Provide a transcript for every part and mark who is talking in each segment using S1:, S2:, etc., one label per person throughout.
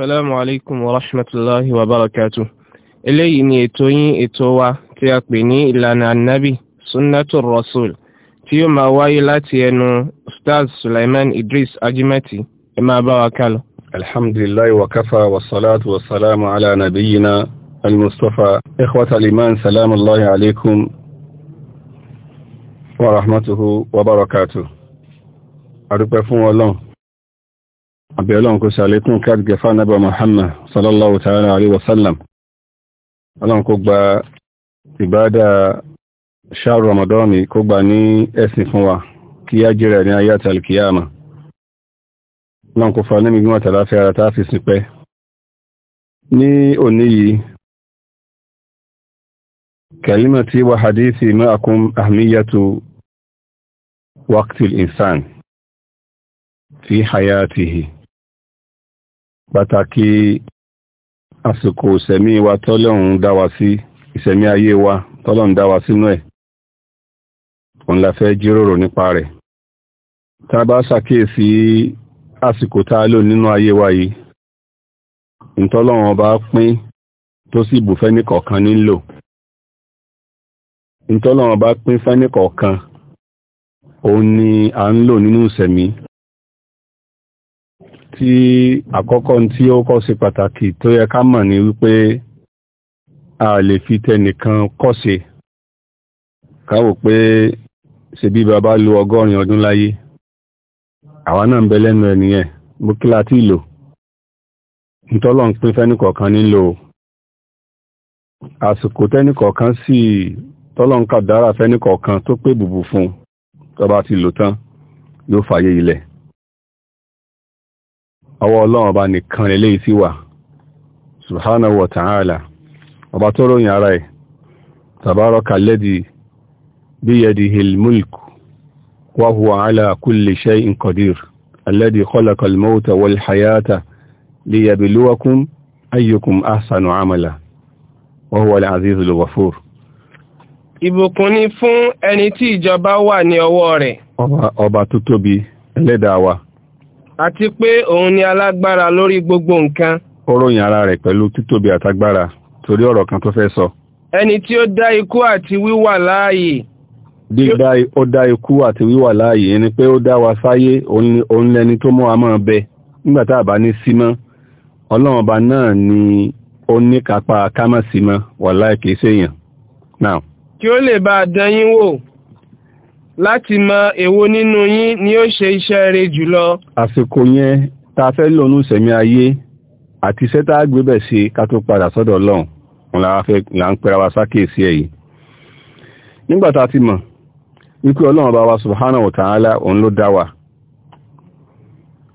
S1: Assalamu alaikum wa rahmatullahi wa barakatuh. Eléyìí ni ètò yín ètò wa tí a pè ní ìlànà annabi Sunnatul Rasul tí yóò máa wáyé láti ẹnu Ustaz Sulaiman Idris Ajimati. Ẹ máa bá wa kálọ. Alhamdulillahi wa
S2: kafa wa salatu wa salamu ala nabiyyina al-Mustafa. Ikhwata al salamu Allahi alaikum wa rahmatuhu wa barakatuh. A dúpẹ́ fún Ọlọ́run àbí ọlọ́run kó ṣàlékún káàdì gẹ̀fà nábà Muhammad sallallahu ta'ala alaihi wasallam ọlọ́run kó gba ìbádà ṣáàrù Ramadan kó gbà ní ẹ̀sìn fún wa kí á jẹ́rẹ̀ ní ayé àtàlìkìyàmà ọlọ́run kó fa ní mímú àtàláfẹ́ ara tá a fi sìn pàtàkì àsìkò ìṣẹ̀mí wa tọ́lọ́run dá wa sí ìṣẹ̀mí ayé wa tọ́lọ́run dá wa sínú ẹ̀ òun la fẹ́ jíròrò nípa rẹ̀ tá a bá ṣàkíyèsí àsìkò tá a lò nínú ayé wa yìí ìtọ́lọ́run ọba pín tó sì bù fẹ́nìkọ̀ọ̀kan nílò ìtọ́lọ́run ọba pín fẹ́nìkọ̀ọ̀kan òun ni à ń lò nínú ìṣẹ̀mí tí àkọ́kọ́ tí ó kọ́ ṣe pàtàkì tó yẹ ká mọ̀ ní wípé a lè fi tẹnìkan kọ́ṣe káwò pé ṣe bí bàbá lo ọgọ́rin ọdún láyé àwa náà ń bẹ lẹ́nu ẹniyẹn bó kí láti ìlò nítọ́lọ̀ ń pín fẹ́nìkọ̀ọ̀kan nílò àsìkò tẹ́nìkọ̀ọ̀kan sì tọ́lọ̀ ń kàdára fẹ́nìkọ̀ọ̀kan tó pé bùbù fún tó bá ti lò tán yóò fàyè ilẹ̀ ọwọ́ ọlọ́run ọba nìkan lélẹ́ sí wà subhanahu wa ta'ala ọba tó ròyìn ara ẹ̀ tabaraka alladhi biyadihil mulk wa huwa ala kulli shay'in qadir alladhi khalaqa al-mawta wal hayata liyabluwakum ayyukum ahsanu amala wa huwa al-azizul ghafur
S1: ìbùkún ni fún ẹni tí ìjọba wà ní ọwọ́ rẹ̀
S2: ọba tó tóbi ẹlẹ́dàá wa
S1: àti pé òun ni alágbára lórí gbogbo nǹkan. ó
S2: ròyìn ara rẹ̀ pẹ̀lú títóbi àtagbára torí ọ̀rọ̀ kan tó fẹ́ sọ.
S1: ẹni tí ó dá ikú àti wíwà láàyè.
S2: dídá ó dá ikú àti wíwà láàyè ni pé ó dá wa sáyé òun lẹni tó mú wa bẹ nígbà tá a bá ní símọ́ ọlọ́run ọba náà ni ó ní kápá kámọ́ símọ́ wàláì kìí ṣèyàn. now.
S1: kí ó lè bá a dán yín wò láti mọ èwo nínú yín ni ó ṣe iṣẹ́ rere jùlọ.
S2: àsìkò yẹn tá a fẹ́ lónú sẹ̀mí ayé àti iṣẹ́ tá a gbé bẹ̀ sí ká tó padà sọ́dọ̀ ọlọ́run òun là ń pera wa sákèsí ẹ̀ yìí nígbà tá a ti mọ̀ wípé ọlọ́run bá wa subhanahu wa ta'ala òun ló dá wa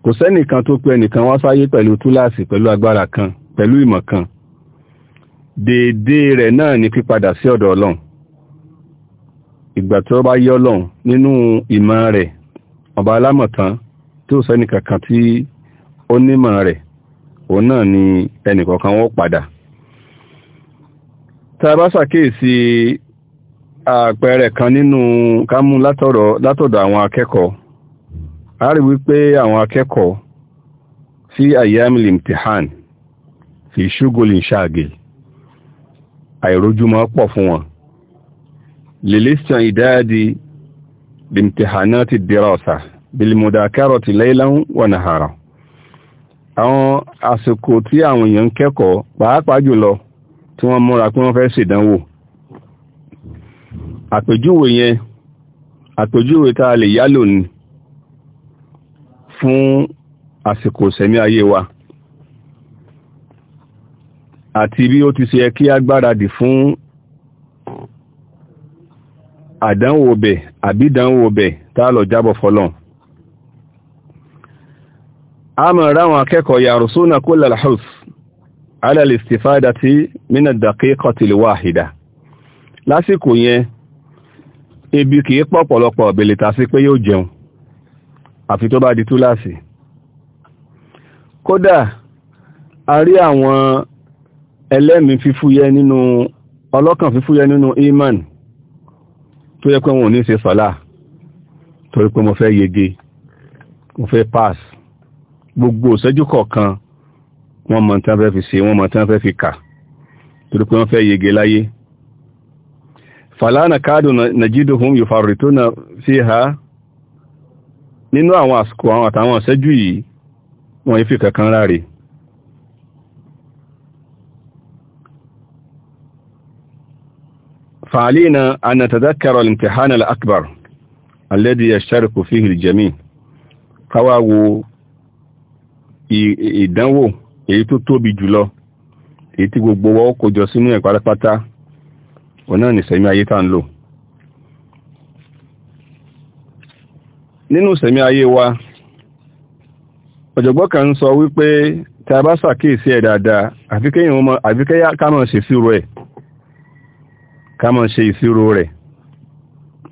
S2: kò sẹ́nìkan tó pé ẹnìkan wá sáyé pẹ̀lú túláàsì pẹ̀lú agbára kan pẹ̀lú ìmọ̀ kan déédéé rẹ̀ náà ni pípadà sí ọ̀dọ̀ ọlọ́run ìgbà tí ó bá yọ lọ́hùn nínú ìmọ̀ rẹ̀ ọba alámọ̀tán tí ó sẹ́ni kankan tí ó nímọ̀ rẹ̀ òun náà ni ẹnìkọ̀ọ̀kan wọ́n padà tá a bá ṣàkíyèsí àpẹẹrẹ kan nínú kámú látọ̀dọ̀ àwọn akẹ́kọ̀ọ́ a rí wípé àwọn akẹ́kọ̀ọ́ sí ayyamil imtihan fi ṣúgolin ṣáàgì àìrójúmọ́ pọ̀ fún wọn للاستعداد لامتحانات الدراسة بالمذاكرة ليلا ونهارا àwọn àsìkò tí àwọn èèyàn kẹ́kọ̀ọ́ pàápàá jùlọ tí wọ́n múra pé wọ́n fẹ́ ṣèdánwò àpèjúwe yẹn àpèjúwe tá a lè yálò ní fún àsìkò sẹ̀mí ayé wa àti bí ó ti ṣe kí a gbáradì fún àdánwò bẹ̀ àbí dánwò bẹ̀ tá lọ jábọ̀ fọlọ́n a mọ̀ ráwọn akẹ́kọ̀ọ́ yàrù súnà kó lalhaus alalistifada ti mina daqiqa tilwahida lásìkò yẹn ebi kìí pọ̀ pọ̀lọpọ̀ bèlìtà sí pé yóò jẹun àfi tó bá di túláàsì kódà a rí àwọn ẹlẹ́mìí fífúyẹ́ nínú ọlọ́kàn fífúyẹ́ nínú iman e tó yẹ pé wọn ò ní ṣe sọ́lá torí pé mo fẹ́ yege mo fẹ́ pass gbogbo ìṣẹ́jú kọ̀ọ̀kan wọ́n mọ̀ tí wọ́n fẹ́ fi ṣe wọ́n mọ̀ tí wọ́n fẹ́ fi kà torí pé wọ́n fẹ́ yege láyé fàlànà káàdù najiduhum yufarrituna fiha nínú àwọn àsìkò àwọn àtàwọn ìṣẹ́jú yìí wọ́n yìí fi kankan ráre فعلينا أن نتذكر الامتحان الأكبر الذي يشترك فيه الجميع káwàwò ìdánwò èyí tó tóbi jùlọ èyí tí gbogbo wọ́n kójọ sínú ẹ̀ pátápátá wọn náà nìsẹ̀mí ayé tá ń lò nínú sẹ̀mí ayé wa ọ̀jọ̀gbọ́n kan sọ wípé tí a bá ṣàkíyèsí ẹ̀ dáadáa àfikẹ́yìn ká mọ̀ ṣèṣirò ẹ̀ ká máa ṣe ìṣirò rẹ̀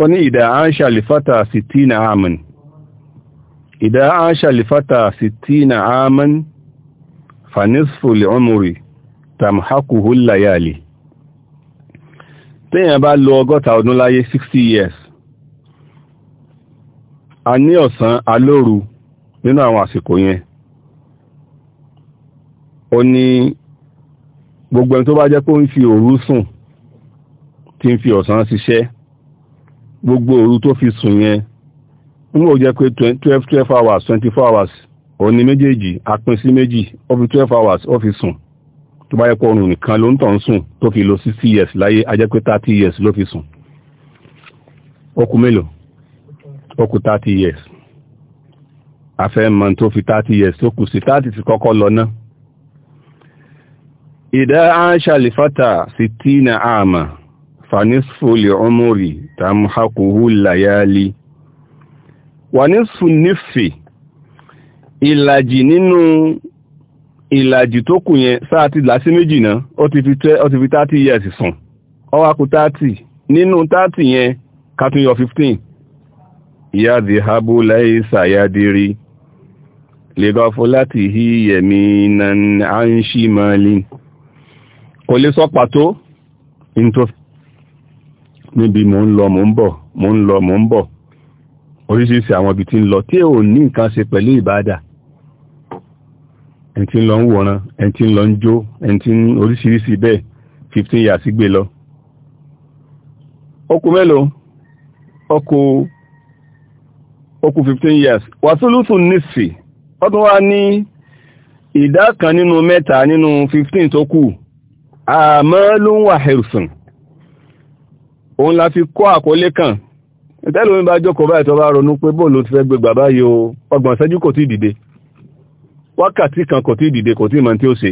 S2: ó ní ìdá aṣà tí na aman ìdá aṣà lifata sitina aman fanisfu li umri tamhaquhu layali téèyàn bá lo ọgọ́ta ọdún láyé 60 years a ní ọ̀sán alóru nínú àwọn àsìkò yẹn ní gbogbo ẹni tó bá jẹ́ pé ó ń fi òru sùn tí ń fi ọ̀sán ṣiṣẹ́ gbogbo òru tó fi sùn yẹn ń wò jẹ́ pé twelve twelve hours twenty four hours òun ni méjèèjì apin sí méjì ó fi twelve hours ó fi sùn tó bá yẹ pé oorun nìkan ló ń tọ̀ ń sùn tó fi lo sixty years láyé a jẹ́ pé thirty years ló fi sùn ó kù mélòó ó kù thirty years afẹ́mọ̀ tó fi 30 years tó kù sí 30 ti kọ́kọ́ lọ náà ìdá àṣà lè fàtà sí tí na àmà fanisfu li umuri tamhaquhu layali wà nisfu nífì ìlàjì nínú ìlàjì tó kù yẹn sáà ti là sí méjì náà ó ti fi 30 years sùn ó wá kù 30 nínú 30 yẹn ká tún yọ 15 ìyá di habu láì sàyádìrí lè gọ́ fún láti hí yẹ̀mí na ń ṣí máa níbi mò ń lọ mò ń bọ̀ mò ń lọ mò ń bọ̀ oríṣiríṣi àwọn ibi tí ń lọ tí ò ní nǹkan ṣe pẹ̀lú ìbádà ẹni tí ń lọ ń wòran ẹni tí ń lọ ń jó ẹni tí ń oríṣiríṣi bẹ́ẹ̀ 15 years gbé lọ ọkù mélòó ọkù ọkù 15 years wàsúlùsù nìsì ọdún wá ní ìdá kan nínú mẹ́ta nínú 15 tó kù àmọ́ ló ń wà hẹ̀rùsùn òun la fi kọ́ àkọlé kan ìtẹ́lù mi bá jókòó báyìí tó bá ronú pé bóòlù ti fẹ́ gbé bàbá yìí o ọgbọ̀n ṣẹ́jú kò tí dìde wákàtí kan kò tí dìde kò tí mọ̀ tí ó ṣe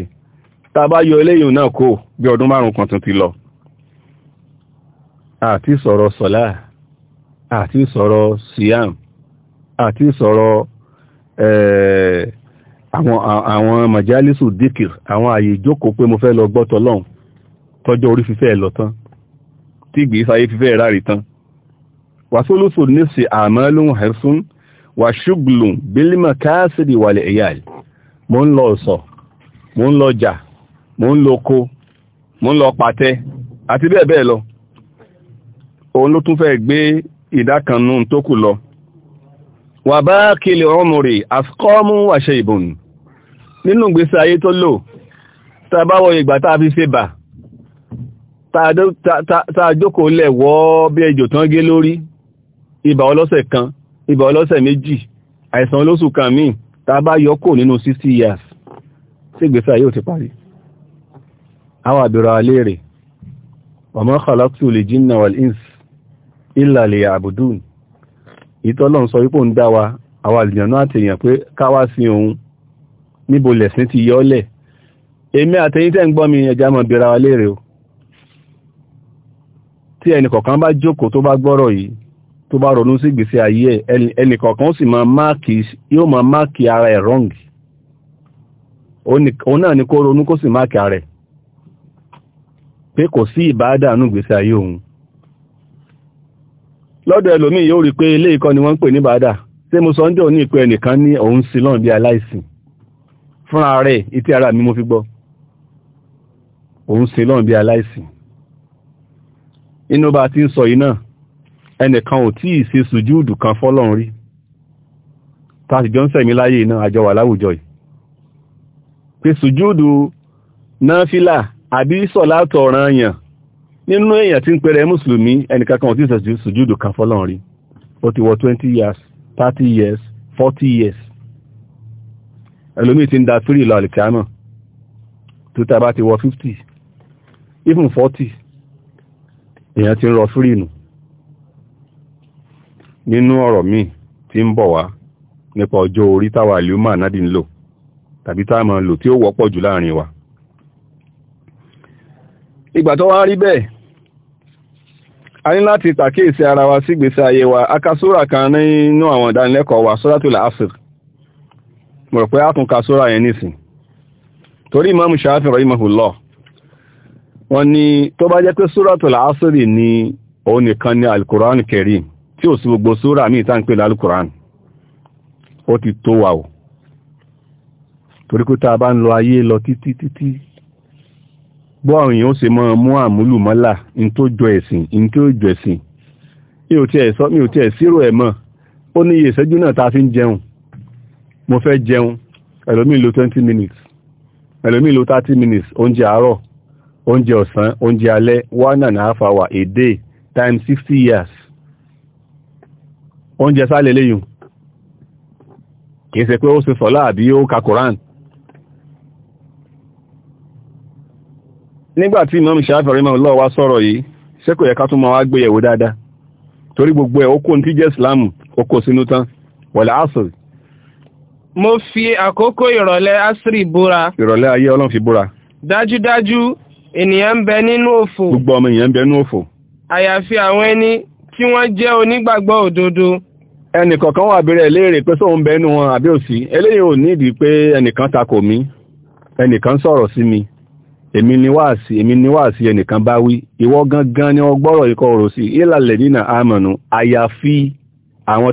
S2: tá bá yọ eléyìí náà kó bí ọdún márùn kan tún ti lọ àti sọ̀rọ̀ sọ̀lá àti sọ̀rọ̀ siam àti sọ̀rọ̀ eh, àwọn majalisu dikir àwọn àyè ìjókòó pé mo fẹ́ lọ gbọ́tọ̀ lọ́hùn tọ́jọ́ orí fífẹ́ lọ tán tí gbèsè ayé fífẹ́ rárí tán wàsólóso ní sí àmọ́lùn ẹ̀sùn wà ṣùgbùlùn bílímọ̀ káàsìdì wàlẹ̀ ìyàl mo ń lọ ọ̀sọ̀ mo ń lọ jà mo ń lọ ko mo ń lọ pàtẹ àti bẹ́ẹ̀ bẹ́ẹ̀ lọ òun ló tún fẹ́ gbé ìdákanú tó kù lọ wà bá kílẹ̀ ọmọrì àfikọ́mú àṣẹ ìbùn nínú gbèsè ayé tó lò tàbáwọ̀ ìgbà tá a fi ṣe bà tààjókòó lẹ̀ wọ́ bí ejò tán gé lórí ibà ọlọ́sẹ̀ kan ibà ọlọ́sẹ̀ méjì àìsàn olóṣù kan míì tá a bá yọ kò nínú 60 years tí ìgbésà yóò ti parí àwọn àbẹ̀rọ aléèrè ọmọ khalaqtu lè jinna wal ins illa li ya'budun ìtọ́lọ́n sọ wípò ń dá wa àwọn àlìjànú àti èèyàn pé káwá sí òun níbo lẹ̀sìn ti yọ́lẹ̀ èmi àtẹ̀yìn tẹ́ ń gbọ́ mi ẹja mọ̀ bẹ̀rẹ̀ wa o tí ẹnìkọ̀kan bá jókò tó bá gbọ́rọ̀ yìí tó bá ronú sí gbèsè ayé ẹ̀ ẹnìkọ̀kan sì máa máàkì yóò máa máàkì ara ẹ̀ rọ́ǹgì òun náà ni kó ronú kó sì máàkì ara ẹ̀ pé kò sí ìbádàánú gbèsè ayé òun lọ́dọ̀ ẹlòmíì yóò rí pé ilé ìkọ́ ni wọ́n ń pè ní bàdà tí mo sọ ń jọ ní ìpé ẹnìkan ní òun sí lọ́n bí aláìsìn fúnra rẹ̀ ìtí ara mi mo fi gbọ́ òun sí lọ́n bí aláìsìn inú bá ti ń sọ yìí náà ẹnìkan ò tí ì ṣe sùjúùdù kan fọ́lọ́run rí tàbí jọ ń sẹ̀mí láyé iná àjọ wà láwùjọ yìí pé sùjúùdù náfílà àbí sọ̀látọ̀ ọ̀ràn yàn nínú èèyàn tí ń pẹ̀rẹ̀ mùsùlùmí ẹnìkan ò tí ì sùjúùdù kan fọ́lọ́run rí ó ti wọ 20 years 30 years 40 years ẹlòmíì ti ń da 3 lọ àlìkàmọ̀ tó tàbá ti wọ 50 even 40 èèyàn ti ń rọ fírìnù nínú ọ̀rọ̀ míì tí ń bọ̀ wá nípa ọjọ́ orí táwa àlùmọ́ ànádì ń lò tàbí tá a máa lò tí ó wọ́pọ̀ jù láàrin wa ìgbà tó wá rí bẹ́ẹ̀ a ní láti tàkíyèsí ara wa sí ìgbésí ayé wa akásóra kan nínú àwọn ìdánilẹ́kọ̀ọ́ wa sọ́dátùlà asir mo rò pé a tún ka sóra yẹn nísìn torí Imam Shafi'i rahimahullah wọ́n ní tó bá jẹ́ pé suratul asri ni òun nìkan ni alukuran karim tí ò sí gbogbo sura míì tá ń pè lálukuran ó ti tó wà o torí pé tá a bá ń lọ ayé lọ títí títí bọ́ àwọn èèyàn ó ṣe mọ́ mú àmúlùmọ́là in tó jọ ẹ̀sìn in tó jọ ẹ̀sìn mi ò tiẹ̀ sọ mi ò tiẹ̀ sírò ẹ̀ mọ́ ó ní ìṣẹ́jú náà ta fi ń jẹun mo fẹ́ jẹun ẹlòmíì lò 20 minutes ẹlòmíì lo thirty minutes oúnjẹ àárọ̀ oúnjẹ ọ̀sán oúnjẹ alẹ́ one and a half hour a day times 60 years oúnjẹ sálẹ̀ léyìn kìí ṣe pé ó ṣe sọ́lá àbí ó ka koran nígbàtí imam ṣàfẹ́rẹ́ mọ́ lọ́wọ́ sọ̀rọ̀ yìí ṣé yẹ ká tún máa wá gbéyẹ̀wò dáadáa torí gbogbo ẹ̀ ó kó ní Sinutan, islam ó
S1: mo fi àkókò ìrọ̀lẹ́ asiri búra ìrọ̀lẹ́ ayé ọlọ́run fi búra dájúdájú ènìyàn bẹ nínú òfò gbogbo ọmọ ènìyàn bẹ nínú àyàfi àwọn ẹni tí wọ́n jẹ́ onígbàgbọ́ òdodo ẹnìkọ̀ọ̀kan wà bẹ̀rẹ̀ léèrè
S2: pé sóun bẹ nínú wọn àbí òsì eléyìí ò pé ẹnìkan takò mí ẹnìkan sọ̀rọ̀ sí mi èmi ni wáàsí èmi ni wáàsí ẹnìkan bá wí ìwọ gangan ni gbọ́rọ̀ ikọ̀ ọ̀rọ̀ sí ìlàlẹ̀ nínà àmọ̀nù àyàfi àwọn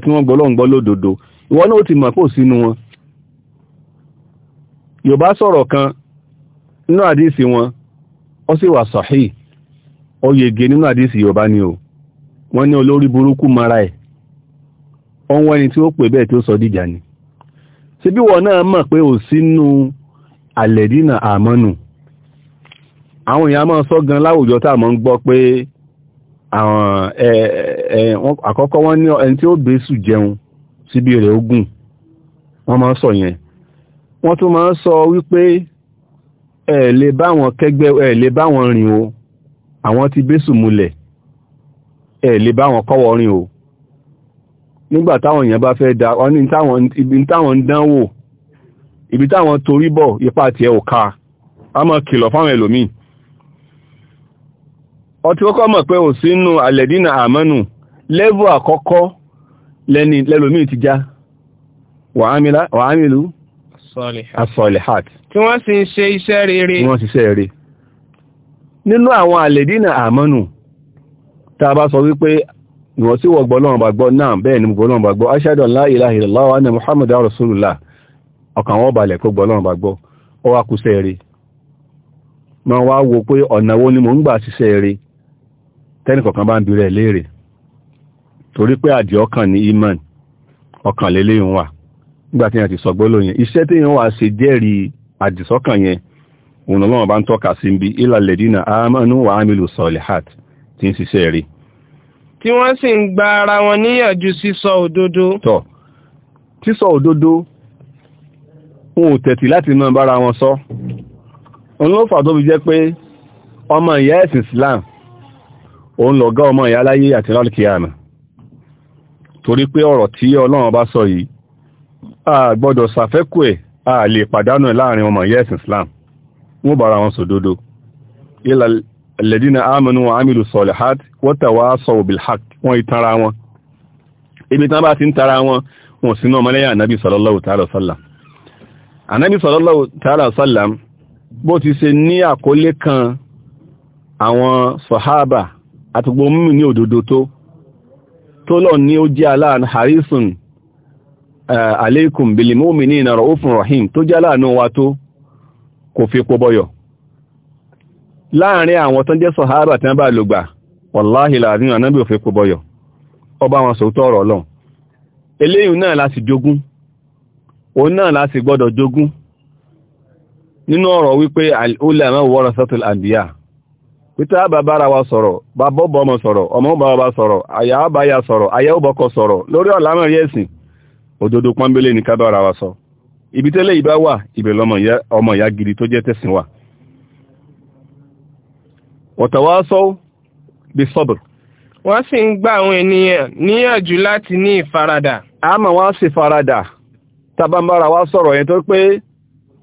S2: tí ó sì wà sọ̀hí ó yege nínú àdísì Yorùbá ni o wọ́n ní olórí burúkú mara ẹ̀ wọ́n wọ́n ẹni tí ó pè bẹ́ẹ̀ tí ó sọ dìjà ni ṣe bí wọ́n náà mọ̀ pé ò sínú àlẹ̀dínà àmọ́nù àwọn èèyàn máa sọ gan láwùjọ tá a mọ̀ ń gbọ́ pé àwọn àkọ́kọ́ wọ́n ní ẹni tí ó bẹ́sù jẹun síbi rẹ̀ ogun wọ́n máa sọ yẹn wọ́n tún máa sọ wípé ẹ̀ lè bá wọn kẹ́gbẹ́ ẹ̀ lè bá wọn rìn o àwọn ti bésù múlẹ̀ ẹ̀ lè bá wọn kọ́wọ́ rìn o nígbà táwọn èèyàn bá fẹ́ da wọ́n ní ibi táwọn ń dánwò ibi táwọn torí bọ̀ ipa tiẹ̀ ò ká a máa kìlọ̀ fáwọn ẹlòmíì ọtí kọ́kọ́ mọ̀ pé ò sínú àlẹ̀dínà àmọ́nù lẹ́bù àkọ́kọ́ lẹ́ni lẹ́lòmíì ti já wàhámìlú asọ̀lẹ̀hàt
S1: tí wọ́n sì ń ṣe iṣẹ́ rere wọ́n
S2: ṣiṣẹ́ rere nínú àwọn àlèdínà àmọ́nù tá a bá sọ wípé ìwọ̀n tí wọ́n gbọ́lọ́wọ́n bá gbọ́ náà bẹ́ẹ̀ ni gbọ́lọ́wọ́n bá gbọ́ ashhadu an la ilaha illallah wa anna muhammadu rasulullah ọkàn wọn balẹ̀ kó gbọ́lọ́wọ́n bá gbọ́ ó wá kúṣẹ́ rere ma wá wo pé ọ̀nà wo ni mò ń gbà ṣiṣẹ́ rere tẹ́nìkọ̀kan bá ń bi rẹ̀ léèrè torí nígbà tí yẹn ti sọ̀gbọ́ lóyìn iṣẹ́ tí yẹn wà ṣe jẹ́rìí àdìsọ́kàn yẹn òun lọ́wọ́ bá ń tọ́ka sí bí ìlàlẹ̀dínà àmánú wà ámìlù sọ̀lẹ̀hàt tí ń ṣiṣẹ́ rí
S1: tí wọ́n sì ń gba ara wọn níyànjú sísọ òdodo tọ́
S2: sísọ òdodo wọn ò tẹ̀tì láti mọ́ bára wọn sọ òun ló fà tó fi jẹ́ pé ọmọ ìyá ẹ̀sìn Islam òun lọ̀gá ọmọ ìyá láyé àti lálùkìyàmà torí pé ọ̀rọ̀ tí Ọlọ́run bá sọ yìí a gbọ́dọ̀ safeku a lè pàdánù ẹ̀ láàrin ọmọ yẹ́ Islam wọ́n bára wọn sòdodo ilal ladina amanu wa amilu solihat wa tawasaw bil haqq wọ́n ìtara wọn ibi tán bá ti ń tara wọn wọn sínú ọmọlẹ́yà anábì sallallahu ta'ala sallam anábì sallallahu ta'ala sallam Eh, aleikum bilmu'minina ra'ufun rahim to jẹ́ láàánú wa tó kò fi pọ bọ́yọ̀ láàrin àwọn tó jẹ́ sọ̀hábà tí wọ́n bá lògbà wàláhì láàrin ànábì ò fi ọba wọn sòótọ́ ọ̀rọ̀ na eléyìí náà láti jogún òun náà láti gbọ́dọ̀ jogún al-ulama warasatul anbiya wa òdodo pọ́nbélé ní kábára wa sọ ibi tẹ́lẹ̀ ìbá wà ibẹ̀ ọmọ ìyá gidi tó jẹ́ tẹ̀sìn wa wọ̀tàwá sọ bí sọ́bùr
S1: wọ́n sì ń gbà àwọn ènìyàn níyànjú láti ní ìfaradà a máa wá sí
S2: faradà tabambara wa sọ̀rọ̀ yẹn tó pé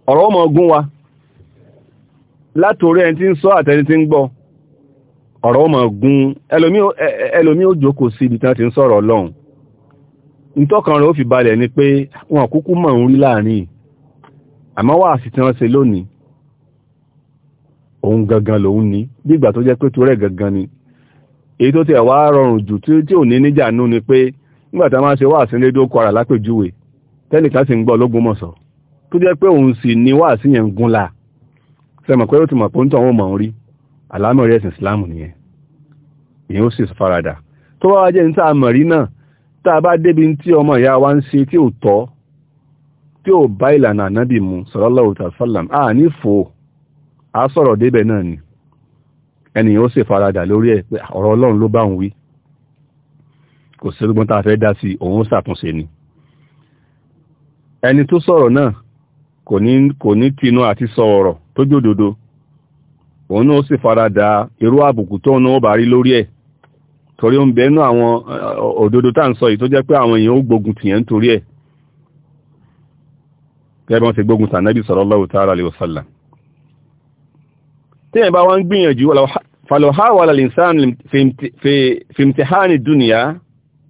S2: ọ̀rọ̀ ọmọ ogun wa látòrí ẹni tí ń sọ àtẹni tí ń gbọ́ ọ̀rọ̀ ọmọ ogun ẹlòmí ó jókòó sí ibi tí wọ́n ti ń sọ̀rọ̀ ọlọ́run ìtọ́kan rẹ̀ ó fi balẹ̀ ni pé wọn kúkú mọ̀ ń rí láàrin àmọ́ wà sí tí wọ́n ṣe lónìí òun gangan lòun ní bígbà tó jẹ́ pé tó rẹ̀ gangan ni èyí tó tẹ̀ wá rọrùn jù tí ò ní níjà nú ni pé nígbàtà máa ṣe wà sí lédó kwara lápèjúwe tẹ́nìkan sì ń gbọ́ lógún mọ̀sọ̀ tó jẹ́ pé òun sì ní wà sí yẹn gúnla sẹ́mọ̀ pé ó ti mọ̀ pé ń tọ̀ wọ́n mọ̀ ń rí àlámọ̀ rẹ̀ ẹ̀sìn ìsìlámù nìyẹn ìyẹn ó sì faradà tó wá jẹ́ ní tá mọ̀ rí náà tá a bá débi tí ọmọ ìyá wa ń ṣe tí ò tọ́ tí ò bá ìlànà ànábì mu sallallahu alaihi a ní fò á sọ̀rọ̀ débẹ̀ náà ni ẹnìyàn ó sì faradà lórí ẹ̀ pé ọ̀rọ̀ ọlọ́run ló bá ń wí kò sí ọgbọ́n tá a fẹ́ dá sí òun ó ṣàtúnṣe ni ẹni tó sọ̀rọ̀ náà kò ní tinú àti sọ ọ̀rọ̀ tó òun náà ó sì faradà irú àbùkù tóun náà ó bá rí lórí ẹ̀ torí ó ń bẹ́ẹ̀nú àwọn eh, òdodo tá ń sọ yìí tó jẹ́ pé àwọn èèyàn ó gbógun tìyẹn nítorí ẹ̀ gẹ́gbọ́n ti gbógun tànábì sallallahu ta'ala alaihi wasallam tí ẹ̀bá wọ́n gbìyànjú falohawa lalinsan fimtihani duniya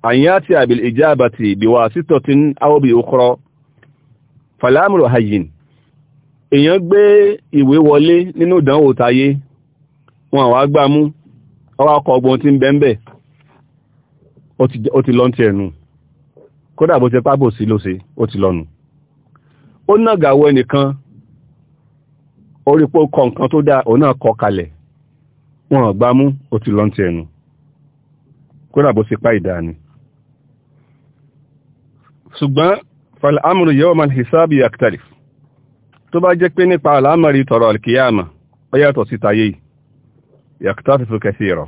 S2: àyàtí àbìl ìjábàtì bíwà sítọ̀tín áwọ́bì òkúrọ̀ falamuru hayin èèyàn gbé ìwé wọlé nínú ìdánwò ó ti lọ́ntí ẹnu kódà bó ṣe pábò sí ló ṣe ó ti lọ́nu ó nàgàwọ ẹnìkan orípo kọ nǹkan tó dáa òun náà kọ kalẹ̀ wọn gbá mú ó ti lọ́ntí ẹnu kódà bó ṣe pá ìdáni ṣùgbọ́n fal amru yawm al hisabi tó bá jẹ́ pé nípa àlámọ̀rí tọ̀rọ̀ alkiyama ó yàtọ̀ sí tayé yaktarif kẹsì rọ̀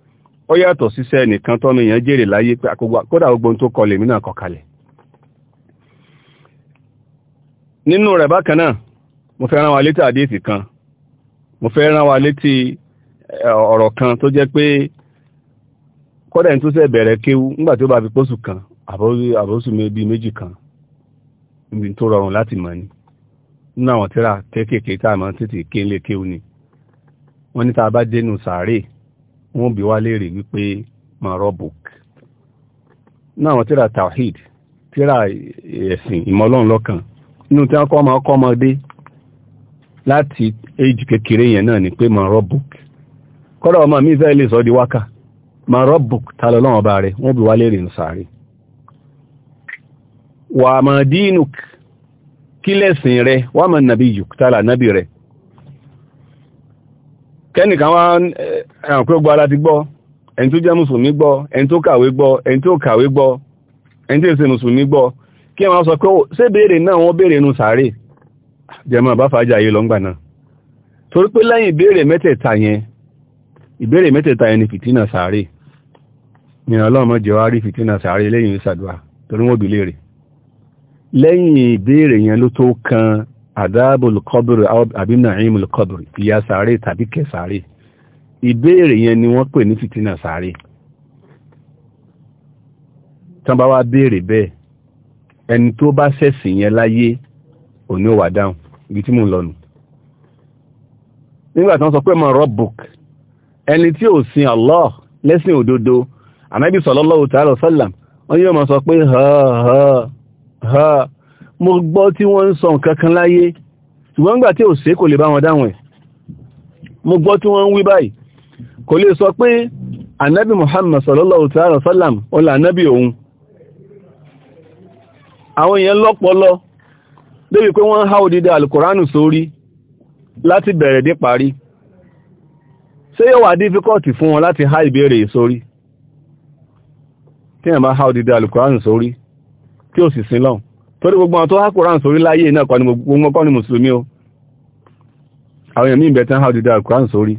S2: ó yàtọ̀ síṣẹ́ nìkan tọ́nu èèyàn jèrè láyé pé kódà gbogbo tó kọlẹ̀ mí náà kọkalẹ̀ nínú rẹ̀ bákan náà mo fẹ́ rán wa létí àdéhìsì kan mo fẹ́ rán wa létí ọ̀rọ̀ kan tó jẹ́ pé kódà tó ṣe bẹ̀rẹ̀ kéwú nígbà tó bá fi pósù kan àbóṣù bíi méjì kan níbi tó rọrùn láti mọ̀ ni nínú àwọn tíra kéékèèké tá a máa tètè kéńlé kéwú ni wọ́n ní tá bá dénú sàárè wọ́n bí wá léèrè wípé marobuk náà wọ́n tíra tawhid tíra ẹ̀sìn ìmọ̀lọ́run lọ́kàn inú tí wọ́n kọ́ ọmọ ọkọ́ ọmọdé láti éjì kékeré yẹn náà ni pé marobuk kọ́dọ̀ ọmọ mi fẹ́ lè sọ di wákà ta kẹ́nìkan wá ẹ̀hàn pé gbọ́ ara ti gbọ́ ẹni tó jẹ́ mùsùlùmí gbọ́ ẹni tó kàwé gbọ́ ẹni tó kàwé gbọ́ ẹni tó ṣe mùsùlùmí gbọ́ kí wọ́n sọ pé oh, ṣé béèrè náà wọ́n béèrè nu sàárè jẹmọ́ bá fàájà yìí lọ́ngbà náà torí pé lẹ́yìn ìbéèrè mẹ́tẹ̀ẹ̀ta yẹn ìbéèrè mẹ́tẹ̀ẹ̀ta yẹn ni fìtínà sàárè ni ọlọ́mọ jẹ́ wá rí fìtínà sàárè lẹ́yìn ìsàdùà torí wọ́n bìlérè lẹ́yìn ìbéèrè yẹn ló tó kan adabu al-qabr aw abi na'im al tabi ke sare ibeere yen ni won pe ni fitina sare tan ba wa bere be en to ba sesin yen laye oni o wa down bi ti mu lo nu nigba tan pe ma rabbuk eni ti o sin ala lesin ododo anabi sallallahu ta'ala sallam on yo ma sọ pe ha ha ha mo gbọ́ tí wọ́n ń sọ nǹkan kan láyé ṣùgbọ́n nígbà tí ò ṣe kò lè bá wọn dáhùn ẹ̀ mo gbọ́ tí wọ́n ń wí báyìí kò lè sọ pé anabi muhammad sallallahu ta'ala sallam ọlá anabi òun àwọn èèyàn lọ́pọlọ débi pé wọ́n ń há òdìdá alukóránù sórí láti bẹ̀rẹ̀ dé parí ṣé yóò wà dífíkọ́tì fún wọn láti há ìbéèrè sórí tí wọ́n bá há òdìdá alukóránù sórí tí ó sì sin lọ́hùn torí gbogbo àwọn tó há kòrán sórí láyé náà ni mùsùlùmí o àwọn èèyàn míì bẹ̀tán há dídá kòrán sórí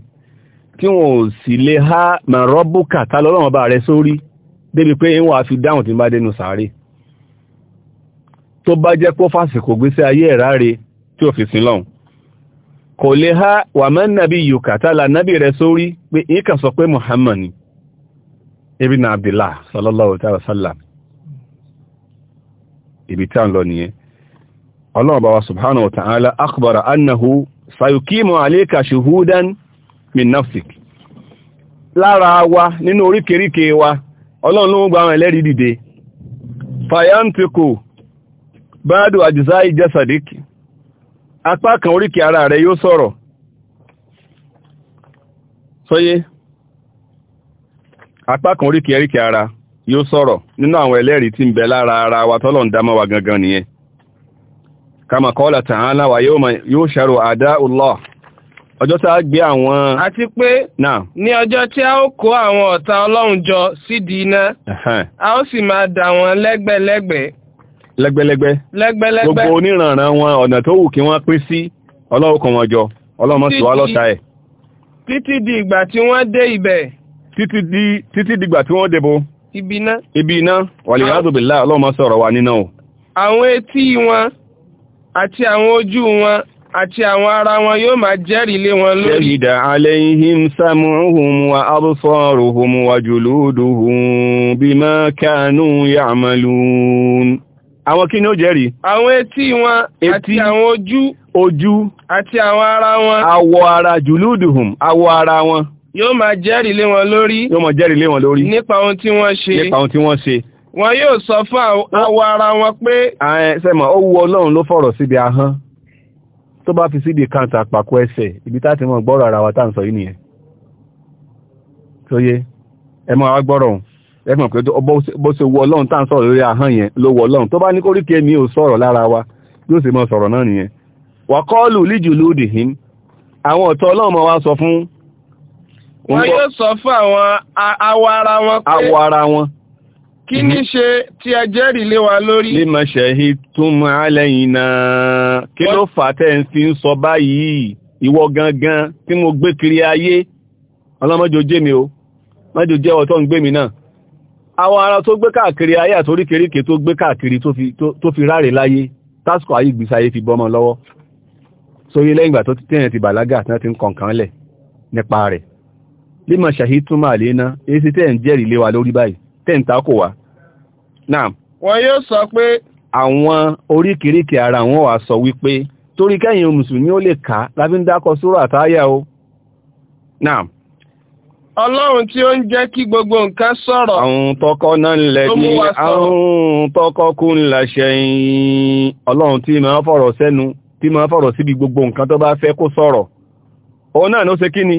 S2: tí wọn ò sì lè há màrọ́bùkà tá lọ́lọ́wọ́n bá rẹ sórí débi pé ń wà fi dáhùn tí bá dénú sàárè tó bá jẹ́ pó ayé ẹ̀rá re tí ò fi sin lọ́hùn kò lè há wà mọ́ nàbí yùkà tá là nàbí rẹ sórí pé ìkà sọ ibi tá ń lọ nìyẹn ọlọ́run bá wa subhanahu wa ta'ala akhbara annahu sayukimu alayka shuhudan min nafsik lára wa nínú oríkèríkè wa ọlọ́run ló ń gba àwọn ẹlẹ́rìí dìde fayantiku báàdù àjíṣáì jasadik apá kan oríkè ara rẹ̀ yóò sọ̀rọ̀ sọ́yé apá kan oríkè ara rẹ̀ yóò sọ̀rọ̀ nínú àwọn ẹlẹ́rìí tí ń bẹ lára ara wa tọ́lọ̀ ń dámọ́ wa gangan nìyẹn kama Kọ́lá ta'ala wa yóò ṣàrò àdá Allah ọjọ́ tá a gbé àwọn
S1: àti pé ní ọjọ́ tí a ó kó àwọn ọ̀ta ọlọ́run jọ sídi iná a ó sì máa dà wọ́n lẹ́gbẹ̀lẹ́gbẹ̀ lẹ́gbẹ̀lẹ́gbẹ̀ lẹ́gbẹ̀lẹ́gbẹ̀ gbogbo
S2: oníranran wọn ọ̀nà tó wù kí wọ́n pín sí ọlọ́run kó wọn jọ ọlọ́run sì wá lọ́ta
S1: ẹ̀ títí di ìgbà tí wọ́n dé ibẹ̀ títí di ìgbà tí wọ́n débò ibi iná ibi iná wàlẹ̀
S2: àdùbìlá ọlọ́mọ sọ̀rọ̀ wa níná o
S1: àwọn etí wọn àti àwọn ojú wọn àti àwọn ara wọn yóò máa jẹ́rìí lé wọn lórí
S2: ṣẹ́yìdà àwọn kí ni ó jẹ́rìí
S1: àwọn etí wọn àti àwọn ojú ojú àti àwọn ara wọn awọ ara juluduhum awọ ara wọn yóò máa jẹ́rìí lé wọn lórí yóò máa jẹ́rìí lé wọn lórí nípa ohun tí wọ́n ṣe nípa ohun tí wọ́n ṣe wọn yóò sọ fún àwọ̀ ara wọn pé sẹ́mọ̀ ó
S2: wu ọlọ́run ló fọ̀rọ̀ síbi ahọ́n tó bá fi síbi kàǹtà àpàkọ ẹsẹ̀ ibi táti mọ̀ gbọ́rọ̀ ara wa tá à ń sọ yìí nìyẹn tó yé ẹ mọ́ agbọ́rọ̀ òun ẹ mọ̀ pé bó ṣe wu ọlọ́run tá à ń sọ̀rọ̀ lórí ahọ́n yẹn ló wu ọlọ́run tó bá ní kóríkì èmi ò sọ̀rọ̀ lára wa yóò sì mọ sọ̀rọ̀ náà nìyẹn wàkọ́ọ̀lù líjùlù dìhín àwọn ọ̀tọ̀ ọlọ́run mọ̀ wá sọ fún wọ́n yóò
S1: sọ fún àwọn awọ ara wọn pé awọ ara wọn kí ní ṣe tí ẹ jẹ́rìí lé wa lórí lè
S2: mọ̀ ṣẹ̀hí tún mọ́ alẹ́yìn náà kí ló fà tẹ́ ń fi ń sọ báyìí ìwọ gangan tí mo gbé kiri ayé ọlọ́mọjòjé mi o mọ́jòjé ọ̀tọ́ ń gbé mi náà awọ ara tó gbé káàkiri ayé àtoríkèríkè tó gbé káàkiri tó fi ráre láyé tásìkò ayé ìgbésí ayé fi bọ́mọ lọ́wọ́ sórí lẹ́yìn ìgbà tó ti tẹ́yìn ti bàlágà tí wọ́n ti ń kọ̀ǹkan lẹ̀ nípa rẹ̀ bí ma ṣàhí tún máa lè ná èsì tẹ́ ń jẹ́rìí lé wa lórí báyìí tẹ́ ń wá
S1: náà wọ́n yóò sọ pé àwọn oríkìríkì
S2: ara wọn wà sọ wípé torí kẹ́yìn mùsùlùmí ó lè kà lábí ń dákọ sórò àtáyà o
S1: náà ọlọ́run tí ó ń jẹ́ kí gbogbo nǹkan sọ̀rọ̀ àwọn tọkọ náà lẹ̀ ní
S2: àwọn tọkọ kú ń làṣẹ yìí ọlọ́run tí máa fọ̀rọ̀ sẹ́nu tí máa fọ̀rọ̀ síbi gbogbo nǹkan tó bá fẹ́ kó sọ̀rọ̀ òun náà ló ṣe kí ni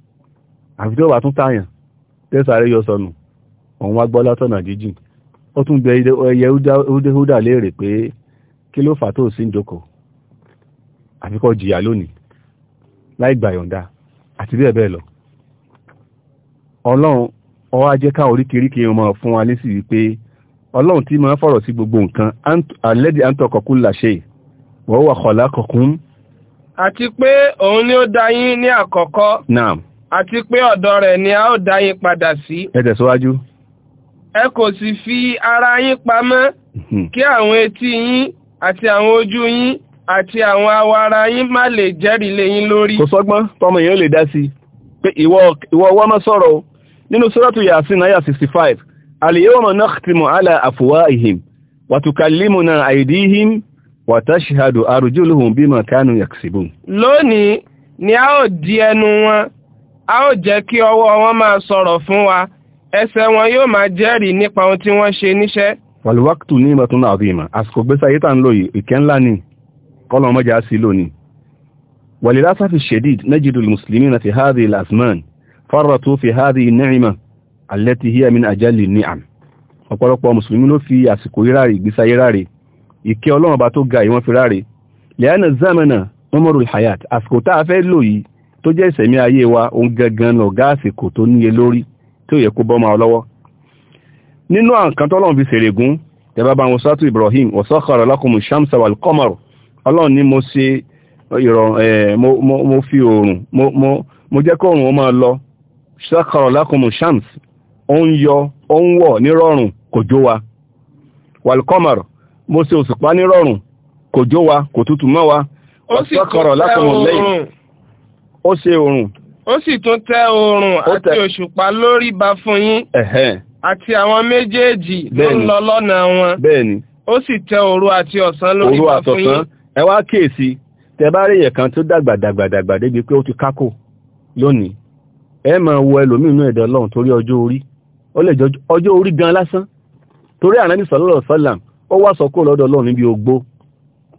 S2: àfi tó wà tún táyàn tẹ́sàárẹ́ yọ sọnù òun wá gbọ́ látọ̀nà jíjìn ó tún bẹ ẹyẹ húdà léèrè pé kí ló fà tó sí ń jókòó àfikọ́ jìyà lónìí láì gbà yọ̀ǹda àti bẹ́ẹ̀ bẹ́ẹ̀ lọ ọlọ́run ọwá jẹ́ ká oríkèríkè ọmọ fún wa lésì wípé ọlọ́run tí máa fọ̀rọ̀ sí gbogbo nǹkan alẹ́dì àǹtọ̀kọ̀kún làṣẹ wọ́n wà kọ̀lá kọ̀kún
S1: àti pé òun ni ó dá yín ní àkọ́kọ́ naam àti pé ọ̀dọ̀ rẹ̀ ni a ó dá yín padà sí. ẹ tẹ̀síwájú. ẹ kò sì fi ara yín pamọ́ hmm. kí àwọn etí yín àti àwọn ojú yín àti àwọn awọ ara yín má lè jẹ́rìí lé yín lórí. kò sọ́gbọ́n tọmọ èèyàn lè dá sí i pé ìwọ
S2: ọwọ́ sọ̀rọ̀ o nínú sọ́rọ̀tù yasin 65 al kanu
S1: lónìí ni a ó di ẹnu wọn a ó jẹ́ kí ọwọ́ wọn máa sọ̀rọ̀ fún wa ẹsẹ̀ wọn yóò máa jẹ́rìí nípa ohun tí wọ́n ṣe níṣẹ́.
S2: wàlúwàkùtù ní ìmọ̀ tó náà fi ìmọ̀ àsìkò gbèsè ayé tà ń lò yìí ìkẹ́ ńlá ni kọ́lọ̀ mọ́jà sí lónìí. wàlílá sáfi shedid najidul muslimi na fi hadhi lasman farratu fi hadhi ni'ima allati hiya min ajali ni'am ọ̀pọ̀lọpọ̀ mùsùlùmí ló fi tó jẹ́ ìsẹ̀mí ayé wa òun gangan lọ gáàsì kò tó níye lórí tí ó yẹ kó bọ́mọ lọ́wọ́ nínú àǹkan tọ́lọ́run fi ṣèrègún tẹ́bá bá wọn sọ́tù Ibrahim ọ̀sọ́kọ̀rọ̀ lakumu shamsa wal qamar mo ṣe mo mo jẹ́ kó oòrùn ó máa lọ sọ́kọ̀rọ̀ shams ó ń yọ ó ń wa wal qamar mo ṣe òṣùpá nírọ̀rùn kò jó wa kò tútù lẹ́yìn ó ṣe oòrùn
S1: ó sì tún tẹ́ oòrùn àti òṣùpá lórí ba fún yín àti àwọn méjèèjì ló ń lọ lọ́nà wọn bẹ́ẹ̀ni ó sì tẹ́ òru àti ọ̀sán lórí ba fún yín
S2: ẹ wá kíyèsí tẹ bá rí ẹ̀kan tó dàgbà dàgbà dàgbà débi pé ó ti kákò lónìí ẹ máa wo ẹlòmíràn ẹ̀dọ̀ ọlọ́run torí ọjọ́ orí ó lè jọ ọjọ́ orí gan lásán torí ànábì sallallahu alaihi ó wá sọ kó lọ́dọ̀ ọlọ́run níbi ogbó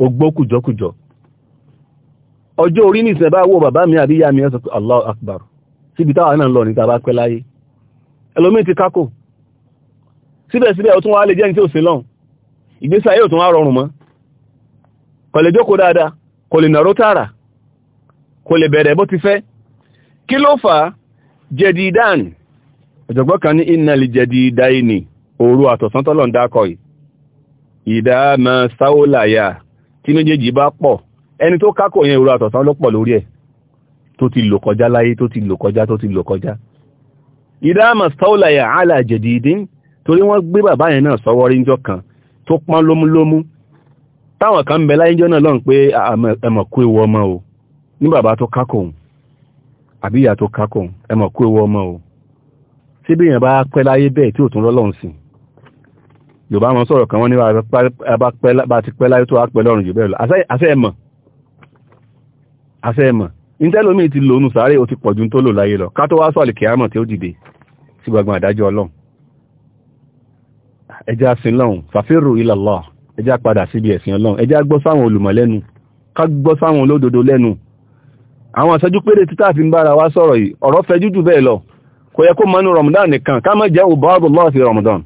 S2: ogbó kùjọkùjọ ọjọ́ orí nìsẹ̀ bá wọ bàbá mi àbí ìyá mi ẹ̀sọ̀ Allahu Akbar síbi táwa náà lọ ní tàbá pẹ́ láyé ẹlòmíì ti kákò síbẹ̀síbẹ̀ ó tún wá lè jẹ́ ní tí ò sí lọ́n ìgbésí ayé ò tún wá rọrùn mọ́ kò lè jókòó dáadáa kò lè nàró tààrà kò lè bẹ̀rẹ̀ ẹni tó kákò yẹn ìró àtọ̀sán lọ́pọ̀ lórí ẹ̀ tó ti lò kọjá láyé tó ti lò kọjá tó ti lò kọjá ìdáàmà stọ́ọ̀láyà alájẹ̀dì ìdín torí wọ́n gbé bàbá yẹn náà sọ́wọ́ rí njọ́ kan tó pọ́n lómúlómú táwọn kan bẹ láyé njọ́ náà lọ́n pé ẹmọ̀kú ewu ọmọ o ní bàbá tó kákò àbí ìyá tó kákò ẹmọ̀kú ewu ọmọ o tí bí yẹn bá pẹ́ láyé bẹ́ẹ̀ tí ò tún lọ́lọ́run sìn yorùbá wọn sọ̀rọ̀ kan wọ́n ní bá ti pẹ́ láyé tó wá pẹ́ lọ́run jù bẹ́ẹ̀ lọ àṣẹ ẹ̀mọ̀ àṣẹ́mọ̀ ìtẹ́lómi ti lónú sáré ó ti pọ̀jù tó lò láyé lọ ká tó wá sọ̀lì kìámọ̀ tí ó dìde sí gbogbo àdájọ́ ọlọ́run ẹjá sin lọ́hun fàfírù ila Allah ẹjá padà síbi ẹ̀sìn ọlọ́run ẹjá gbọ́ sáwọn olùmọ̀ lẹ́nu ká gbọ́ sáwọn olódodo lẹ́nu àwọn àṣẹjú péré títà fi ń bára wá sọ̀rọ̀ yìí ọ̀rọ̀ fẹ́ jújù bẹ́ẹ̀ lọ kò yẹ kó mọ́nú Ramadan nìkan ká mọ́ jẹ́ òbáàbò lọ́ọ̀sì Ramadan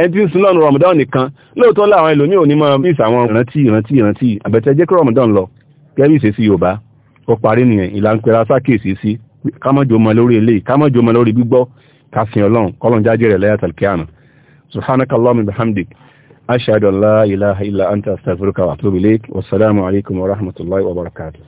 S2: ẹni tí ń sun lọ́nu Ramadan nìkan lóòótọ́ láwọn ẹlòmíì ò ní mọ́ bí ìsàwọn ìrántí ìrántí ìrántí àbẹ̀tẹ́jẹ́ kí Ramadan lọ gẹ́bí ìṣesí Yorùbá ó parí nìyẹn ìlànpẹ̀rẹ̀ asákèsí sí kámọ́jò mọ lórí eléyìí kámọ́jò mọ lórí gbígbọ́ káfin ọlọ́run kọ́lọ́n jáde rẹ̀ lẹ́yà tàlkíyàmù subhanakallahumma bihamdik ashhadu an la ilaha illa anta astaghfiruka wa atubu ilayk wassalamu alaikum wa rahmatullahi wa barakatuh